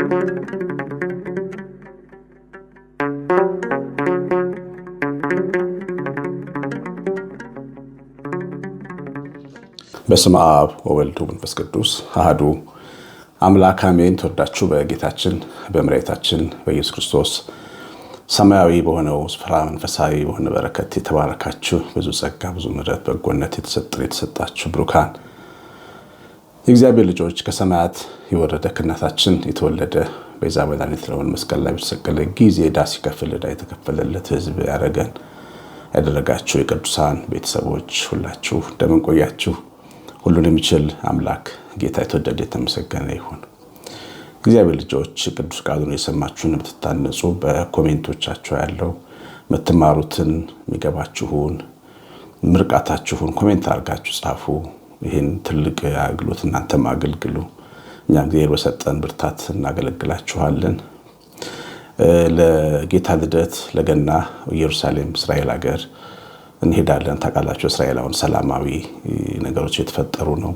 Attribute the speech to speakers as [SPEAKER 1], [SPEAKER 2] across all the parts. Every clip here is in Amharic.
[SPEAKER 1] በስም አብ ወወልድ መንፈስ ቅዱስ አህዱ አምላክ አሜን። ተወዳችሁ በጌታችን በመድኃኒታችን በኢየሱስ ክርስቶስ ሰማያዊ በሆነው ስፍራ መንፈሳዊ በሆነ በረከት የተባረካችሁ ብዙ ጸጋ ብዙ ምሕረት በጎነት የተሰጠን የተሰጣችሁ ብሩካን የእግዚአብሔር ልጆች ከሰማያት የወረደ ከእናታችን የተወለደ በዛ መድኃኒት ለሆን መስቀል ላይ በተሰቀለ ጊዜ ዕዳ ሲከፍል ዕዳ የተከፈለለት ሕዝብ ያደረገን ያደረጋችሁ የቅዱሳን ቤተሰቦች ሁላችሁ እንደምን ቆያችሁ? ሁሉን የሚችል አምላክ ጌታ የተወደደ የተመሰገነ ይሁን። እግዚአብሔር ልጆች ቅዱስ ቃሉን የሰማችሁን የምትታነጹ በኮሜንቶቻችሁ ያለው የምትማሩትን የሚገባችሁን ምርቃታችሁን ኮሜንት አድርጋችሁ ጻፉ። ይህን ትልቅ አገልግሎት እናንተም አገልግሉ። እኛ እግዚአብሔር በሰጠን ብርታት እናገለግላችኋለን። ለጌታ ልደት ለገና ኢየሩሳሌም እስራኤል ሀገር እንሄዳለን። ታውቃላችሁ እስራኤል አሁን ሰላማዊ ነገሮች የተፈጠሩ ነው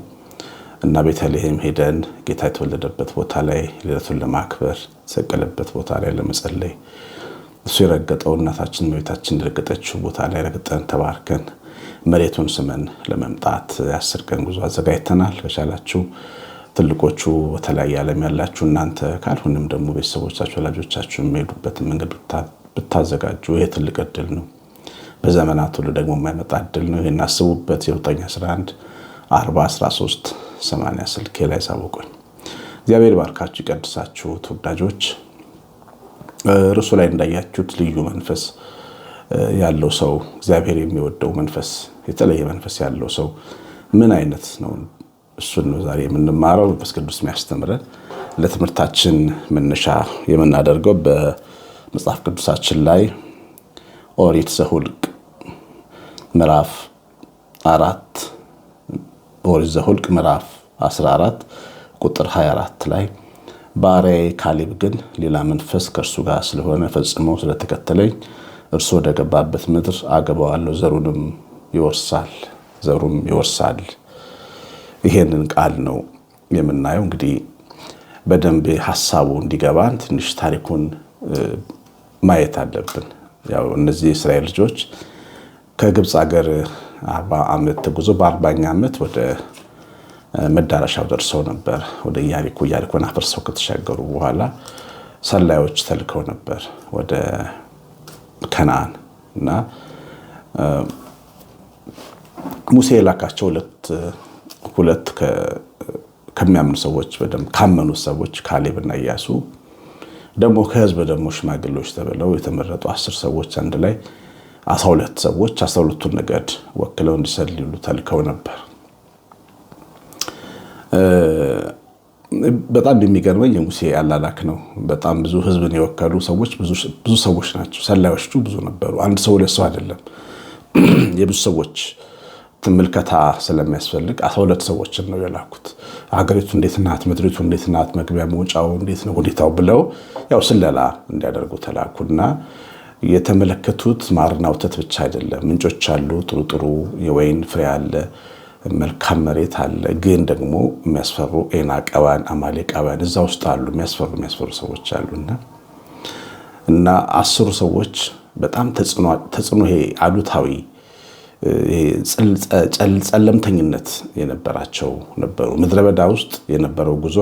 [SPEAKER 1] እና ቤተልሔም ሄደን ጌታ የተወለደበት ቦታ ላይ ልደቱን ለማክበር የተሰቀለበት ቦታ ላይ ለመጸለይ እሱ የረገጠው እናታችን መቤታችን የረገጠችው ቦታ ላይ ረግጠን ተባርከን መሬቱን ስመን ለመምጣት የአስር ቀን ጉዞ አዘጋጅተናል። ከቻላችሁ ትልቆቹ በተለያየ ዓለም ያላችሁ እናንተ ካልሆንም ደግሞ ቤተሰቦቻችሁ፣ ወላጆቻችሁ የሚሄዱበት መንገድ ብታዘጋጁ ይህ ትልቅ እድል ነው። በዘመናት ሁሉ ደግሞ የማይመጣ እድል ነው። ይህን አስቡበት። የ911 13 80 ስልኬ ላይ ሳውቁኝ። እግዚአብሔር ባርካችሁ ይቀድሳችሁ። ተወዳጆች ርዕሱ ላይ እንዳያችሁት ልዩ መንፈስ ያለው ሰው እግዚአብሔር የሚወደው መንፈስ የተለየ መንፈስ ያለው ሰው ምን አይነት ነው? እሱን ነው ዛሬ የምንማረው። መንፈስ ቅዱስ የሚያስተምረን ለትምህርታችን መነሻ የምናደርገው በመጽሐፍ ቅዱሳችን ላይ ኦሪት ዘኍልቍ ምዕራፍ አራት ኦሪት ዘኍልቍ ምዕራፍ 14 ቁጥር 24 ላይ ባሪያዬ ካሌብ ግን ሌላ መንፈስ ከእርሱ ጋር ስለሆነ ፈጽሞ ስለተከተለኝ እርሱ ወደ ገባበት ምድር አገባዋለሁ፣ ዘሩንም ይወርሳል ዘሩም ይወርሳል። ይሄንን ቃል ነው የምናየው። እንግዲህ በደንብ ሀሳቡ እንዲገባን ትንሽ ታሪኩን ማየት አለብን። ያው እነዚህ የእስራኤል ልጆች ከግብፅ ሀገር አርባ ዓመት ተጉዞ በአርባኛ ዓመት ወደ መዳረሻው ደርሰው ነበር። ወደ ኢያሪኮ ኢያሪኮን አፍርሰው ከተሻገሩ በኋላ ሰላዮች ተልከው ነበር ወደ ከነአን እና ሙሴ የላካቸው ሁለት ሁለት ከሚያምኑ ሰዎች በደንብ ካመኑት ሰዎች ካሌብ እና እያሱ ደግሞ ከህዝብ ደግሞ ሽማግሌዎች ተብለው የተመረጡ አስር ሰዎች አንድ ላይ አስራ ሁለት ሰዎች አስራ ሁለቱን ነገድ ወክለው እንዲሰልሉ ተልከው ነበር። በጣም የሚገርመኝ የሙሴ አላላክ ነው። በጣም ብዙ ህዝብን የወከሉ ሰዎች ብዙ ሰዎች ናቸው። ሰላዮቹ ብዙ ነበሩ። አንድ ሰው ሁለት ሰው አይደለም፣ የብዙ ሰዎች ምልከታ ስለሚያስፈልግ አስራ ሁለት ሰዎችን ነው የላኩት። ሀገሪቱ እንዴት ናት? ምድሪቱ እንዴት ናት? መግቢያ መውጫው እንዴት ነው? ሁኔታው ብለው ያው ስለላ እንዲያደርጉ ተላኩና የተመለከቱት ማርና ወተት ብቻ አይደለም። ምንጮች አሉ፣ ጥሩ ጥሩ የወይን ፍሬ አለ መልካም መሬት አለ፣ ግን ደግሞ የሚያስፈሩ አማሌ አማሌቃውያን እዛ ውስጥ አሉ። የሚያስፈሩ የሚያስፈሩ ሰዎች አሉና እና አስሩ ሰዎች በጣም ተጽዕኖ ይሄ አሉታዊ ጨለምተኝነት የነበራቸው ነበሩ። ምድረ በዳ ውስጥ የነበረው ጉዞ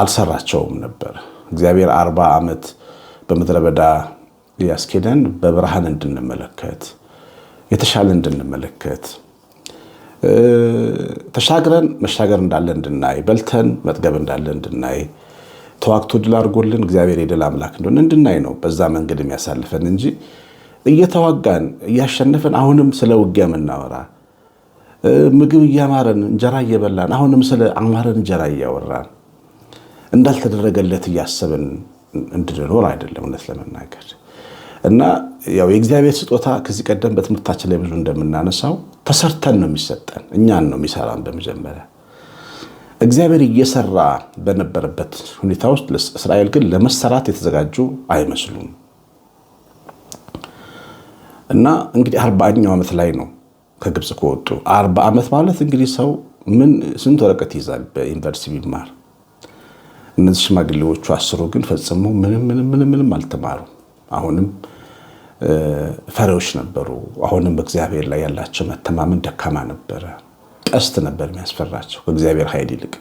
[SPEAKER 1] አልሰራቸውም ነበር። እግዚአብሔር አርባ ዓመት በምድረ በዳ ያስኬደን በብርሃን እንድንመለከት የተሻለ እንድንመለከት ተሻግረን መሻገር እንዳለ እንድናይ፣ በልተን መጥገብ እንዳለ እንድናይ፣ ተዋግቶ ድል አድርጎልን እግዚአብሔር የድል አምላክ እንደሆነ እንድናይ ነው በዛ መንገድ የሚያሳልፈን እንጂ እየተዋጋን እያሸነፈን አሁንም ስለ ውጊያ የምናወራ ምግብ እያማረን እንጀራ እየበላን አሁንም ስለ አማረን እንጀራ እያወራን እንዳልተደረገለት እያሰብን እንድንኖር አይደለም እውነት ለመናገር እና ያው የእግዚአብሔር ስጦታ ከዚህ ቀደም በትምህርታችን ላይ ብዙ እንደምናነሳው ተሰርተን ነው የሚሰጠን፣ እኛን ነው የሚሰራን። በመጀመሪያ እግዚአብሔር እየሰራ በነበረበት ሁኔታ ውስጥ እስራኤል ግን ለመሰራት የተዘጋጁ አይመስሉም። እና እንግዲህ አርባኛው ዓመት ላይ ነው ከግብፅ ከወጡ። አርባ ዓመት ማለት እንግዲህ ሰው ምን ስንት ወረቀት ይይዛል በዩኒቨርሲቲ ቢማር። እነዚህ ሽማግሌዎቹ አስሩ ግን ፈጽሞ ምንም ምንም ምንም ምንም አልተማሩ። አሁንም ፈሪዎች ነበሩ። አሁንም በእግዚአብሔር ላይ ያላቸው መተማመን ደካማ ነበረ። ቀስት ነበር የሚያስፈራቸው ከእግዚአብሔር ኃይል ይልቅ።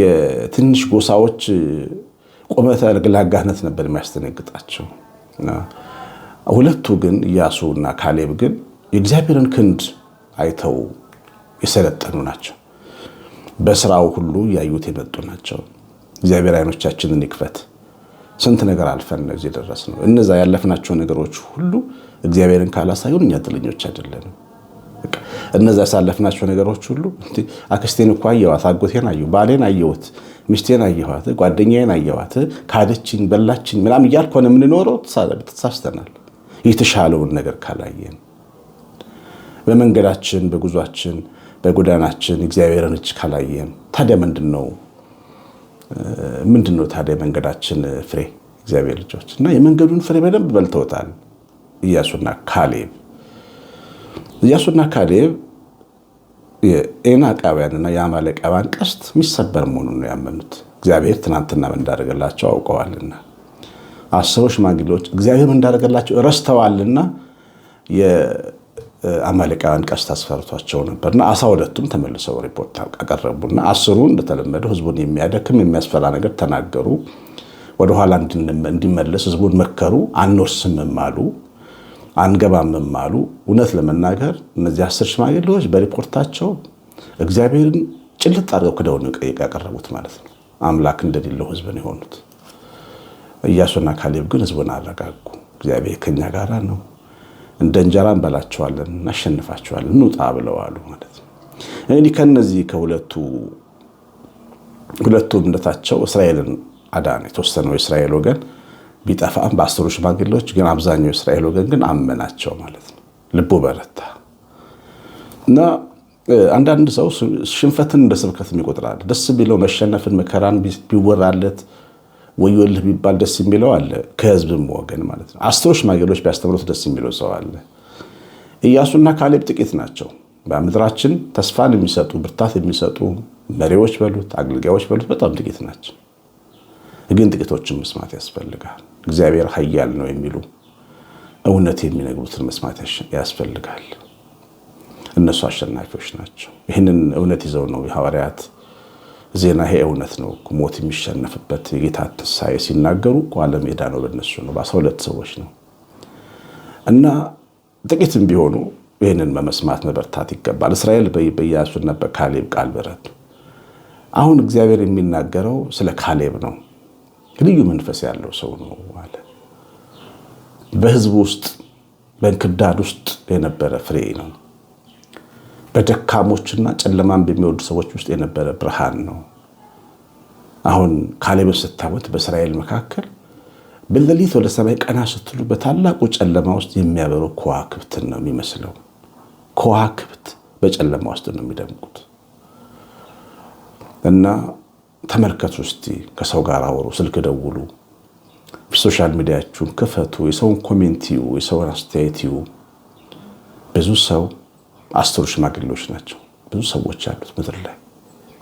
[SPEAKER 1] የትንሽ ጎሳዎች ቁመተ አልግላጋነት ነበር የሚያስደነግጣቸው። ሁለቱ ግን ኢያሱ እና ካሌብ ግን የእግዚአብሔርን ክንድ አይተው የሰለጠኑ ናቸው። በስራው ሁሉ ያዩት የመጡ ናቸው። እግዚአብሔር አይኖቻችንን ይክፈት። ስንት ነገር አልፈን ነው እዚህ ነው። እነዛ ያለፍናቸው ነገሮች ሁሉ እግዚአብሔርን ካላሳዩን እኛ ጥለኞች አይደለንም። እነዛ ያሳለፍናቸው ነገሮች ሁሉ አክስቴን እኮ አየዋት፣ አጎቴን አየሁ፣ ባሌን አየሁት፣ ሚስቴን አየኋት፣ ጓደኛዬን አየዋት፣ ካደችኝ፣ በላችኝ ምናምን እያልኮነ የምንኖረው ተሳስተናል። የተሻለውን ነገር ካላየን በመንገዳችን፣ በጉዟችን፣ በጎዳናችን እግዚአብሔርን እጅ ካላየን ታዲያ ምንድን ነው ምንድን ነው ታዲያ የመንገዳችን ፍሬ? እግዚአብሔር ልጆች እና የመንገዱን ፍሬ በደንብ በልተውታል እያሱና ካሌብ። እያሱና ካሌብ የኤናቃውያንና የአማሌቃውያን ቀስት የሚሰበር መሆኑን ነው ያመኑት። እግዚአብሔር ትናንትና ምን እንዳደረገላቸው አውቀዋልና አስበው ሽማግሌዎች እግዚአብሔር ምን እንዳደረገላቸው ረስተዋልና አማሌቃውያን ቀስት አስፈርቷቸው ነበርና አስራ ሁለቱም ተመልሰው ሪፖርት አቀረቡና አስሩ እንደተለመደው ህዝቡን የሚያደክም የሚያስፈራ ነገር ተናገሩ። ወደኋላ እንዲመለስ ህዝቡን መከሩ። አንወርስምም አሉ፣ አንገባምም አሉ። እውነት ለመናገር እነዚህ አስር ሽማግሌዎች በሪፖርታቸው እግዚአብሔርን ጭልጥ አድርገው ክደውን ቀይቅ ያቀረቡት ማለት ነው። አምላክ እንደሌለው ህዝብን የሆኑት እያሱና ካሌብ ግን ህዝቡን አረጋጉ። እግዚአብሔር ከኛ ጋራ ነው እንደ እንጀራ እንበላቸዋለን፣ እናሸንፋቸዋለን፣ እንውጣ ብለዋሉ ማለት ነው። እንግዲህ ከነዚህ ከሁለቱ ሁለቱ እምነታቸው እስራኤልን አዳነ። የተወሰነው የእስራኤል ወገን ቢጠፋም በአስሩ ሽማግሌዎች ግን አብዛኛው የእስራኤል ወገን ግን አመናቸው ማለት ነው። ልቡ በረታ እና አንዳንድ ሰው ሽንፈትን እንደ ስብከት ይቆጥራል። ደስ ቢለው መሸነፍን መከራን ቢወራለት ወዮልህ ቢባል ደስ የሚለው አለ፣ ከህዝብም ወገን ማለት ነው። አስሮ ሽማግሌዎች ቢያስተምሩት ደስ የሚለው ሰው አለ። ኢያሱና ካሌብ ጥቂት ናቸው። በምድራችን ተስፋን የሚሰጡ ብርታት የሚሰጡ መሪዎች በሉት አገልጋዮች በሉት በጣም ጥቂት ናቸው። ግን ጥቂቶችን መስማት ያስፈልጋል። እግዚአብሔር ኃያል ነው የሚሉ እውነት የሚነግሩትን መስማት ያስፈልጋል። እነሱ አሸናፊዎች ናቸው። ይህንን እውነት ይዘው ነው የሐዋርያት ዜና ይሄ እውነት ነው። ሞት የሚሸነፍበት የጌታ ትንሣኤ ሲናገሩ ዓለም ነው በነሱ ነው በአስራ ሁለት ሰዎች ነው እና ጥቂትም ቢሆኑ ይህንን መመስማት መበርታት ይገባል። እስራኤል በኢያሱና በካሌብ ቃል በረቱ። አሁን እግዚአብሔር የሚናገረው ስለ ካሌብ ነው። ልዩ መንፈስ ያለው ሰው ነው አለ። በህዝብ ውስጥ በእንክዳድ ውስጥ የነበረ ፍሬ ነው። በደካሞችና ጨለማን በሚወዱ ሰዎች ውስጥ የነበረ ብርሃን ነው። አሁን ካሌብን ስታዩት በእስራኤል መካከል በሌሊት ወደ ሰማይ ቀና ስትሉ በታላቁ ጨለማ ውስጥ የሚያበሩ ከዋክብትን ነው የሚመስለው። ከዋክብት በጨለማ ውስጥ ነው የሚደምቁት። እና ተመልከቱ እስቲ፣ ከሰው ጋር አውሩ፣ ስልክ ደውሉ፣ ሶሻል ሚዲያችሁን ክፈቱ፣ የሰውን ኮሜንት ዩ፣ የሰውን አስተያየት ዩ። ብዙ ሰው አስሩ ሽማግሌዎች ናቸው። ብዙ ሰዎች አሉት ምድር ላይ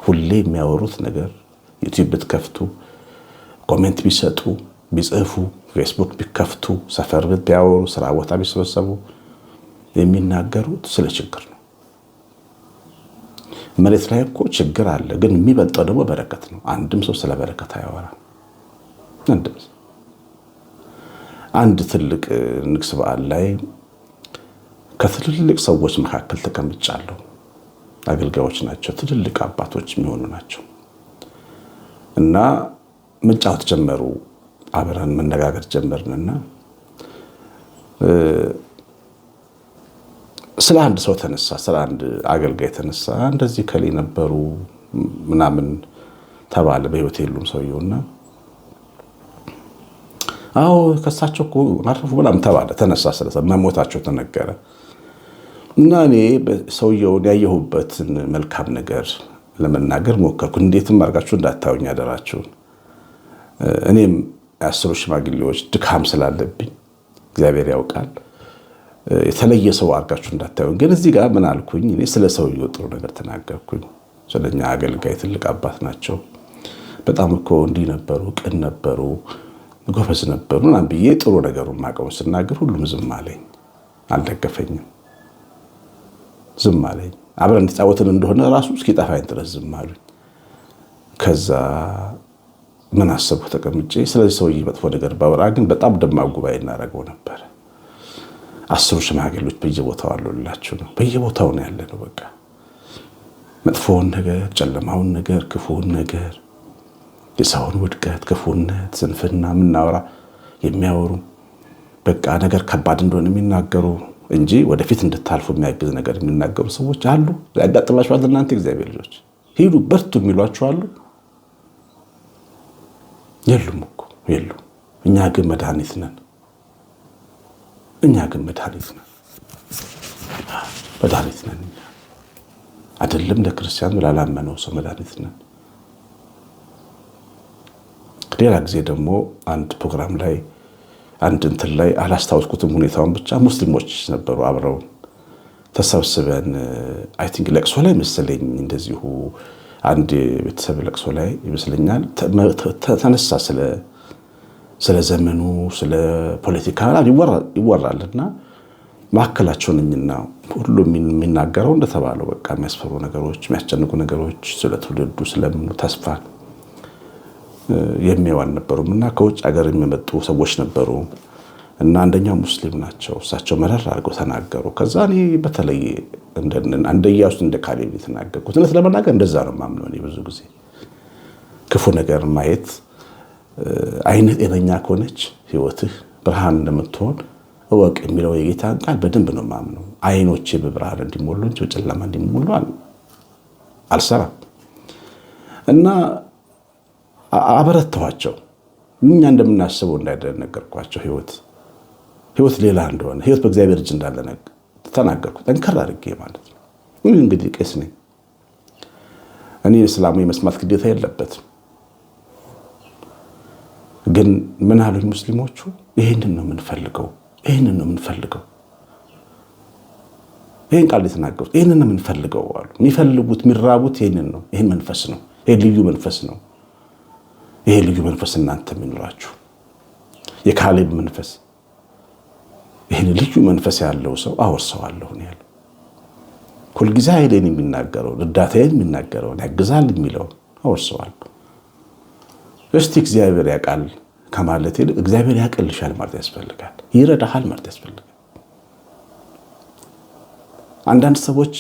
[SPEAKER 1] ሁሌ የሚያወሩት ነገር ዩቲዩብ ብትከፍቱ፣ ኮሜንት ቢሰጡ፣ ቢጽፉ፣ ፌስቡክ ቢከፍቱ፣ ሰፈር ቢያወሩ፣ ስራ ቦታ ቢሰበሰቡ የሚናገሩት ስለ ችግር ነው። መሬት ላይ እኮ ችግር አለ፣ ግን የሚበልጠው ደግሞ በረከት ነው። አንድም ሰው ስለ በረከት አያወራም። አንድ ትልቅ ንግስ በዓል ላይ ከትልልቅ ሰዎች መካከል ተቀምጫለሁ። አገልጋዮች ናቸው፣ ትልልቅ አባቶች የሚሆኑ ናቸው እና መጫወት ጀመሩ። አብረን መነጋገር ጀመርንና ስለ አንድ ሰው ተነሳ፣ ስለ አንድ አገልጋይ ተነሳ። እንደዚህ ከሌ ነበሩ ምናምን ተባለ። በህይወት የሉም ሰውየውና አዎ ከሳቸው ማረፉ ምናምን ተባለ። ተነሳ፣ ስለ መሞታቸው ተነገረ። እና እኔ ሰውየውን ያየሁበትን መልካም ነገር ለመናገር ሞከርኩ። እንዴትም አድርጋችሁ እንዳታዩኝ አደራችሁን። እኔም የአስሩ ሽማግሌዎች ድካም ስላለብኝ እግዚአብሔር ያውቃል፣ የተለየ ሰው አድርጋችሁ እንዳታዩኝ። ግን እዚህ ጋር ምን አልኩኝ? እኔ ስለ ሰውየው ጥሩ ነገር ተናገርኩኝ። ስለኛ አገልጋይ ትልቅ አባት ናቸው። በጣም እኮ እንዲህ ነበሩ፣ ቅን ነበሩ፣ ጎበዝ ነበሩ ምናምን ብዬ ጥሩ ነገሩን ማቀሙ ስናገር ሁሉም ዝም አለኝ፣ አልደገፈኝም። ዝም አለኝ። አብረን የተጫወትን እንደሆነ ራሱ እስኪጠፋኝ ድረስ ዝም አሉኝ። ከዛ ምን አሰብኩ ተቀምጬ፣ ስለዚህ ሰውዬ መጥፎ ነገር ባወራ ግን በጣም ደማቅ ጉባኤ እናደርገው ነበር። አስሩ ሽማግሌዎች በየቦታው አሉላችሁ ነው፣ በየቦታው ነው ያለ ነው። በቃ መጥፎውን ነገር፣ ጨለማውን ነገር፣ ክፉውን ነገር፣ የሰውን ውድቀት፣ ክፉነት፣ ስንፍና የምናወራ የሚያወሩ በቃ ነገር ከባድ እንደሆነ የሚናገሩ እንጂ ወደፊት እንድታልፉ የሚያግዝ ነገር የሚናገሩ ሰዎች አሉ። ያጋጥማችኋል። እናንተ እግዚአብሔር ልጆች ሂዱ በርቱ የሚሏችሁ አሉ። የሉም እኮ የሉም። እኛ ግን መድኃኒት ነን። እኛ ግን መድኃኒት ነን። መድኃኒት ነን እኛ አይደለም ለክርስቲያኑ ላላመነው ሰው መድኃኒት ነን። ሌላ ጊዜ ደግሞ አንድ ፕሮግራም ላይ አንድ እንትን ላይ አላስታወስኩትም ሁኔታውን ብቻ ሙስሊሞች ነበሩ አብረው ተሰብስበን አይ ቲንክ ለቅሶ ላይ መሰለኝ እንደዚሁ አንድ ቤተሰብ ለቅሶ ላይ ይመስለኛል ተነሳ ስለ ዘመኑ ስለ ፖለቲካ እና ማካከላቸው ነኝና ሁሉ የሚናገረው እንደተባለው በቃ የሚያስፈሩ ነገሮች የሚያስጨንቁ ነገሮች ስለ ትውልዱ ስለምኑ ተስፋ የሚዋል አልነበሩም እና ከውጭ ሀገር የሚመጡ ሰዎች ነበሩ እና አንደኛው ሙስሊም ናቸው። እሳቸው መረር አድርገው ተናገሩ። ከዛ እኔ በተለይ አንደያ ውስጥ እንደ ካሌብ የተናገርኩት እውነት ለመናገር እንደዛ ነው የማምነው እኔ ብዙ ጊዜ ክፉ ነገር ማየት አይነት ጤነኛ ከሆነች ህይወትህ ብርሃን እንደምትሆን እወቅ የሚለው የጌታን ቃል በደንብ ነው የማምነው። አይኖቼ በብርሃን እንዲሞሉ እንጂ በጨለማ እንዲሞሉ አልሰራም እና አበረተዋቸው እኛ እንደምናስበው እንዳይደለ ነገርኳቸው። ህይወት ህይወት ሌላ እንደሆነ ህይወት በእግዚአብሔር እጅ እንዳለ ተናገርኩ፣ ጠንከር አድርጌ ማለት ነው። ይህ እንግዲህ ቄስ ነኝ እኔ። እስላሙ የመስማት ግዴታ የለበትም። ግን ምን አሉኝ ሙስሊሞቹ፣ ይህንን ነው የምንፈልገው፣ ይህንን ነው የምንፈልገው፣ ይህን ቃል የተናገሩት ይህንን ነው የምንፈልገው አሉ። የሚፈልጉት የሚራቡት ይህንን ነው። ይህን መንፈስ ነው። ይህ ልዩ መንፈስ ነው። ይሄ ልዩ መንፈስ እናንተ የሚኖራችሁ የካሌብ መንፈስ ይህን ልዩ መንፈስ ያለው ሰው አወርሰዋለሁ ነው ያለው። ሁልጊዜ ኃይሌን የሚናገረውን እርዳታዬን የሚናገረውን ያግዛል የሚለውን አወርሰዋለሁ። እስቲ እግዚአብሔር ያውቃል ከማለት ይልቅ እግዚአብሔር ያቀልሻል ማለት ያስፈልጋል። ይረዳሃል ማለት ያስፈልጋል። አንዳንድ ሰዎች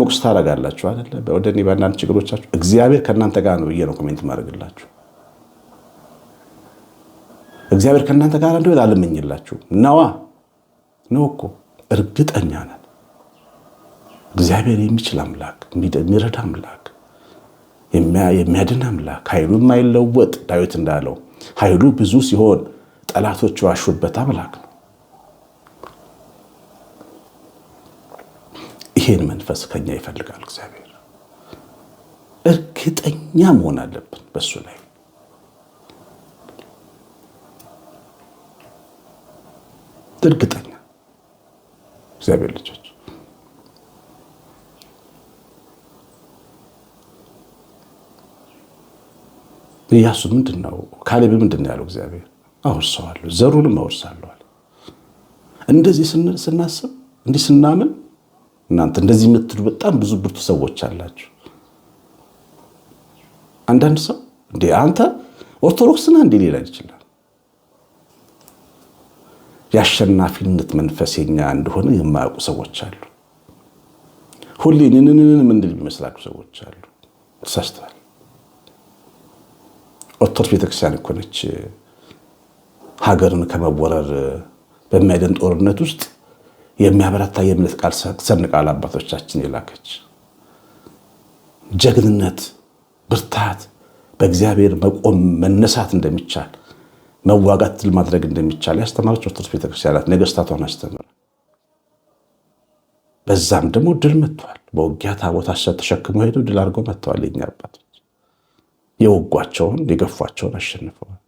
[SPEAKER 1] ሞቅስ ታደርጋላችሁ አይደለ? ወደ እኔ በአንዳንድ ችግሮቻችሁ እግዚአብሔር ከእናንተ ጋር ነው ብዬ ነው ኮሜንት ማድረግላችሁ እግዚአብሔር ከእናንተ ጋር እንደሆነ አልመኝላችሁ ነዋ ነው እኮ እርግጠኛ ነን። እግዚአብሔር የሚችል አምላክ፣ የሚረዳ አምላክ፣ የሚያድን አምላክ፣ ኃይሉ የማይለወጥ ዳዊት እንዳለው ኃይሉ ብዙ ሲሆን ጠላቶች ዋሹበት አምላክ ነው። ይሄን መንፈስ ከኛ ይፈልጋል እግዚአብሔር። እርግጠኛ መሆን አለብን በሱ ላይ እርግጠኛ እግዚአብሔር ልጆች ኢያሱ ምንድን ነው? ካሌብ ምንድን ነው ያለው? እግዚአብሔር አወርሰዋለሁ ዘሩንም አወርሳለሁ። እንደዚህ ስናስብ እንዲህ ስናምን እናንተ እንደዚህ የምትሉ በጣም ብዙ ብርቱ ሰዎች አላችሁ። አንዳንድ ሰው እንዴ አንተ ኦርቶዶክስና እንዴ ሌላ ይችላል የአሸናፊነት መንፈስ የኛ እንደሆነ የማያውቁ ሰዎች አሉ። ሁሌ ንንንን ምንድል የሚመስላችሁ ሰዎች አሉ። ተሳስተዋል። ኦርቶዶክስ ቤተክርስቲያን እኮ ነች ሀገርን ከመወረር በሚያደን ጦርነት ውስጥ የሚያበረታ የእምነት ቃል ሰንቃል አባቶቻችን የላከች ጀግንነት፣ ብርታት፣ በእግዚአብሔር መቆም መነሳት እንደሚቻል መዋጋት ድል ማድረግ እንደሚቻል ያስተማረች ኦርቶዶክስ ቤተክርስቲያናት ነገስታቷን አስተምራ በዛም ደግሞ ድል መጥተዋል። በውጊያ ታቦት ተሸክሞ ሄዱ ድል አድርገው መጥተዋል። የኛ አባቶች የወጓቸውን የገፏቸውን አሸንፈዋል።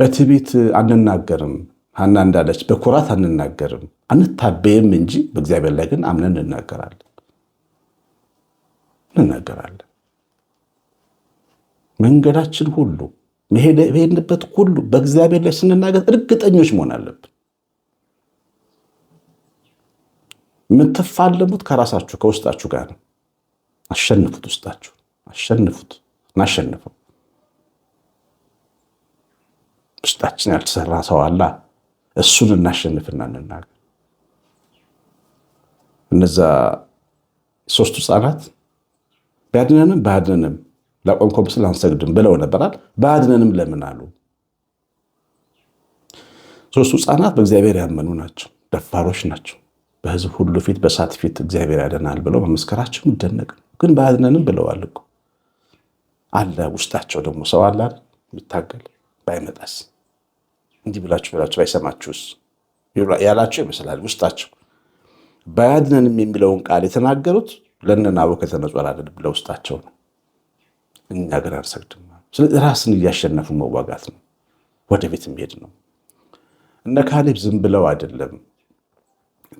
[SPEAKER 1] በትዕቢት አንናገርም፣ ሀና እንዳለች በኩራት አንናገርም፣ አንታበየም እንጂ በእግዚአብሔር ላይ ግን አምነን እንናገራለን እንናገራለን መንገዳችን ሁሉ መሄድንበት ሁሉ በእግዚአብሔር ላይ ስንናገር እርግጠኞች መሆን አለብን። የምትፋለሙት ከራሳችሁ ከውስጣችሁ ጋር ነው። አሸንፉት፣ ውስጣችሁ አሸንፉት፣ እናሸንፈው። ውስጣችን ያልተሰራ ሰው አላ እሱን እናሸንፍና እንናገር። እነዛ ሶስቱ ህጻናት ቢያድነንም ባያድነንም ላቆምከው ምስል አንሰግድም ብለው ነበራል። በአድነንም ለምን አሉ። ሶስቱ ህጻናት በእግዚአብሔር ያመኑ ናቸው፣ ደፋሮች ናቸው። በህዝብ ሁሉ ፊት በእሳት ፊት እግዚአብሔር ያደናል ብለው መመስከራቸው ይደነቅ። ግን በአድነንም ብለዋል እኮ አለ። ውስጣቸው ደግሞ ሰው አለ የሚታገል ባይመጣስ እንዲህ ብላችሁ ብላችሁ ባይሰማችሁስ ያላቸው ይመስላል ውስጣቸው። ባያድነንም የሚለውን ቃል የተናገሩት ለእነ ናቡከደነፆር ለውስጣቸው ነው። እኛ አልሰግድም። ስለዚህ ራስን እያሸነፉ መዋጋት ነው፣ ወደ ቤት የሚሄድ ነው። እነ ካሌብ ዝም ብለው አይደለም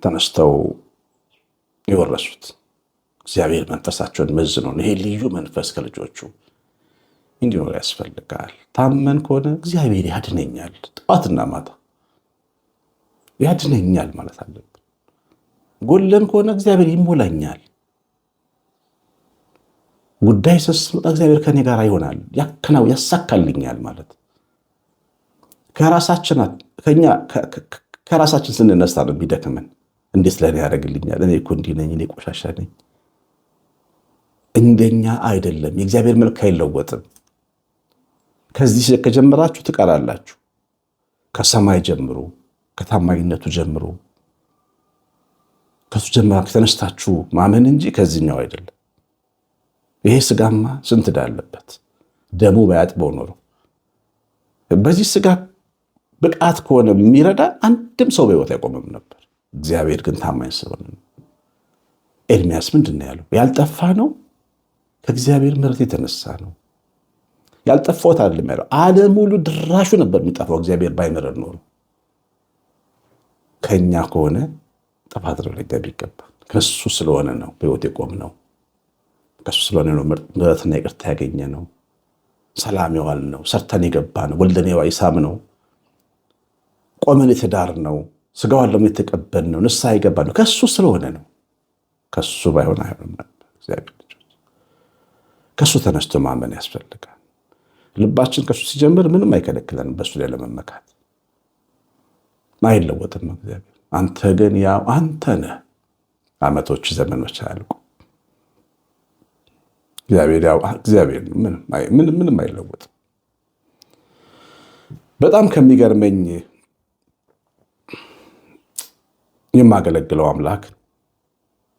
[SPEAKER 1] ተነስተው የወረሱት። እግዚአብሔር መንፈሳቸውን መዝ ነው። ይሄ ልዩ መንፈስ ከልጆቹ እንዲኖር ያስፈልጋል። ታመን ከሆነ እግዚአብሔር ያድነኛል፣ ጠዋትና ማታ ያድነኛል ማለት አለብን። ጎለን ከሆነ እግዚአብሔር ይሞላኛል ጉዳይ ስመጣ እግዚአብሔር ከኔ ጋር ይሆናል፣ ያከናው ያሳካልኛል ማለት ከራሳችን ስንነሳ ነው የሚደክመን። እንዴት ለእኔ ያደርግልኛል? እኔ እኮ እንዲህ ነኝ፣ እኔ ቆሻሻ ነኝ። እንደኛ አይደለም። የእግዚአብሔር መልክ አይለወጥም። ከዚህ ከጀመራችሁ ትቀራላችሁ። ከሰማይ ጀምሮ ከታማኝነቱ ጀምሮ ከሱ ጀምራ ከተነስታችሁ ማመን እንጂ ከዚህኛው አይደለም። ይሄ ስጋማ ስንት ዕዳ አለበት? ደሙ ባያጥበው ኖሮ በዚህ ስጋ ብቃት ከሆነ የሚረዳ አንድም ሰው በሕይወት አይቆምም ነበር። እግዚአብሔር ግን ታማኝ ስለሆነ ኤርሚያስ ምንድን ነው ያለው? ያልጠፋ ነው ከእግዚአብሔር ምሕረት የተነሳ ነው። ያልጠፋሁት አይደለም ያለው። ዓለም ሙሉ ድራሹ ነበር የሚጠፋው እግዚአብሔር ባይምረን ኖሮ። ከእኛ ከሆነ ጥፋት ነው ሊገባ ይገባል። ከሱ ስለሆነ ነው በሕይወት የቆም ነው። ከሱ ስለሆነ ነው ምሕረትና ይቅርታ ያገኘ ነው። ሰላም የዋል ነው። ሰርተን የገባ ነው። ወልደን የዋይሳም ነው። ቆመን የተዳር ነው። ስጋዋን ለሞ የተቀበል ነው። ንስሐ የገባ ነው። ከሱ ስለሆነ ነው። ከሱ ባይሆን አይሆንም ነበር። እግዚአብሔር ልጆች ከሱ ተነስቶ ማመን ያስፈልጋል። ልባችን ከሱ ሲጀምር ምንም አይከለክለን በሱ ላይ ለመመካት አይለወጥም እግዚአብሔር። አንተ ግን ያው አንተ ነህ። አመቶች ዘመኖች አያልቁ እግዚአብሔር ምንም አይለወጥም። በጣም ከሚገርመኝ የማገለግለው አምላክ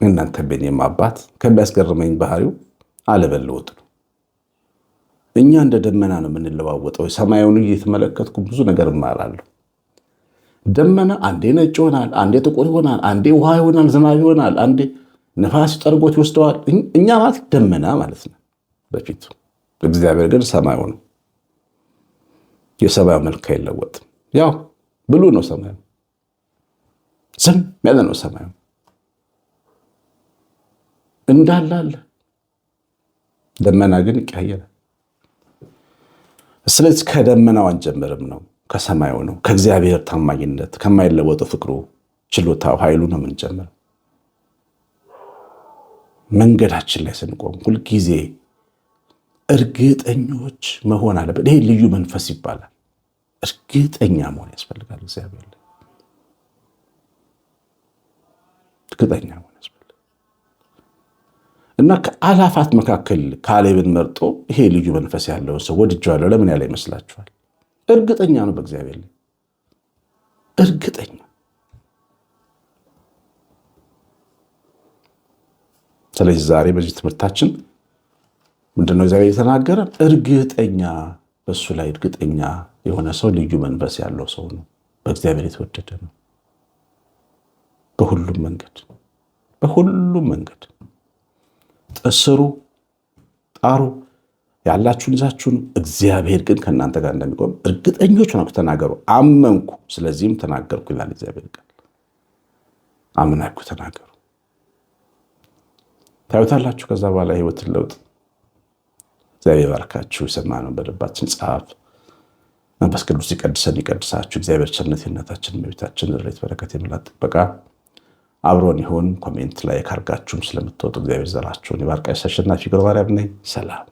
[SPEAKER 1] እናንተ ቤኔም አባት ከሚያስገርመኝ ባህሪው አለበለወጥ ነው። እኛ እንደ ደመና ነው የምንለዋወጠው። ሰማዩን እየተመለከትኩ ብዙ ነገር እማራለሁ። ደመና አንዴ ነጭ ይሆናል፣ አንዴ ጥቁር ይሆናል፣ አንዴ ውሃ ይሆናል፣ ዝናብ ይሆናል፣ አንዴ ነፋስ ጠርጎት ይወስደዋል። እኛ ማለት ደመና ማለት ነው በፊቱ። እግዚአብሔር ግን ሰማዩ ነው። የሰማዩ መልክ አይለወጥም። ያው ብሉ ነው ሰማዩ፣ ዝም ያለ ነው ሰማዩ። እንዳለ አለ። ደመና ግን ይቀያየራል። ስለዚህ ከደመናው አንጀምርም ነው ከሰማዩ ነው ከእግዚአብሔር ታማኝነት ከማይለወጡ ፍቅሩ፣ ችሎታው፣ ኃይሉ ነው የምንጀምር መንገዳችን ላይ ስንቆም ሁልጊዜ እርግጠኞች መሆን አለበት። ይሄ ልዩ መንፈስ ይባላል። እርግጠኛ መሆን ያስፈልጋል። እግዚአብሔር ላይ እርግጠኛ መሆን ያስፈልጋል እና ከአላፋት መካከል ካሌብን መርጦ ይሄ ልዩ መንፈስ ያለውን ሰው ወድጀዋለሁ ለምን ያለ ይመስላችኋል? እርግጠኛ ነው በእግዚአብሔር ላይ እርግጠኛ ስለዚህ ዛሬ በዚህ ትምህርታችን ምንድነው እግዚአብሔር የተናገረ እርግጠኛ በእሱ ላይ እርግጠኛ የሆነ ሰው ልዩ መንፈስ ያለው ሰው ነው። በእግዚአብሔር የተወደደ ነው። በሁሉም መንገድ በሁሉም መንገድ ጥስሩ ጣሩ ያላችሁን ይዛችሁን እግዚአብሔር ግን ከእናንተ ጋር እንደሚቆም እርግጠኞች ነው ተናገሩ። አመንኩ ስለዚህም ተናገርኩ ይላል እግዚአብሔር ቃል። አምናችሁ ተናገሩ። ታዩታላችሁ። ከዛ በኋላ ህይወትን ለውጥ እግዚአብሔር ባርካችሁ። የሰማነውን በልባችን ጻፍ። መንፈስ ቅዱስ ይቀድሰን ይቀድሳችሁ። እግዚአብሔር ቸርነት የእናታችን መቤታችን ሬት በረከት የመላት ጥበቃ አብሮን ይሁን። ኮሜንት ላይ ካርጋችሁም ስለምትወጡ እግዚአብሔር ዘራችሁን ይባርክ። ቀሲስ አሸናፊ ገብረማርያም ነኝ። ሰላም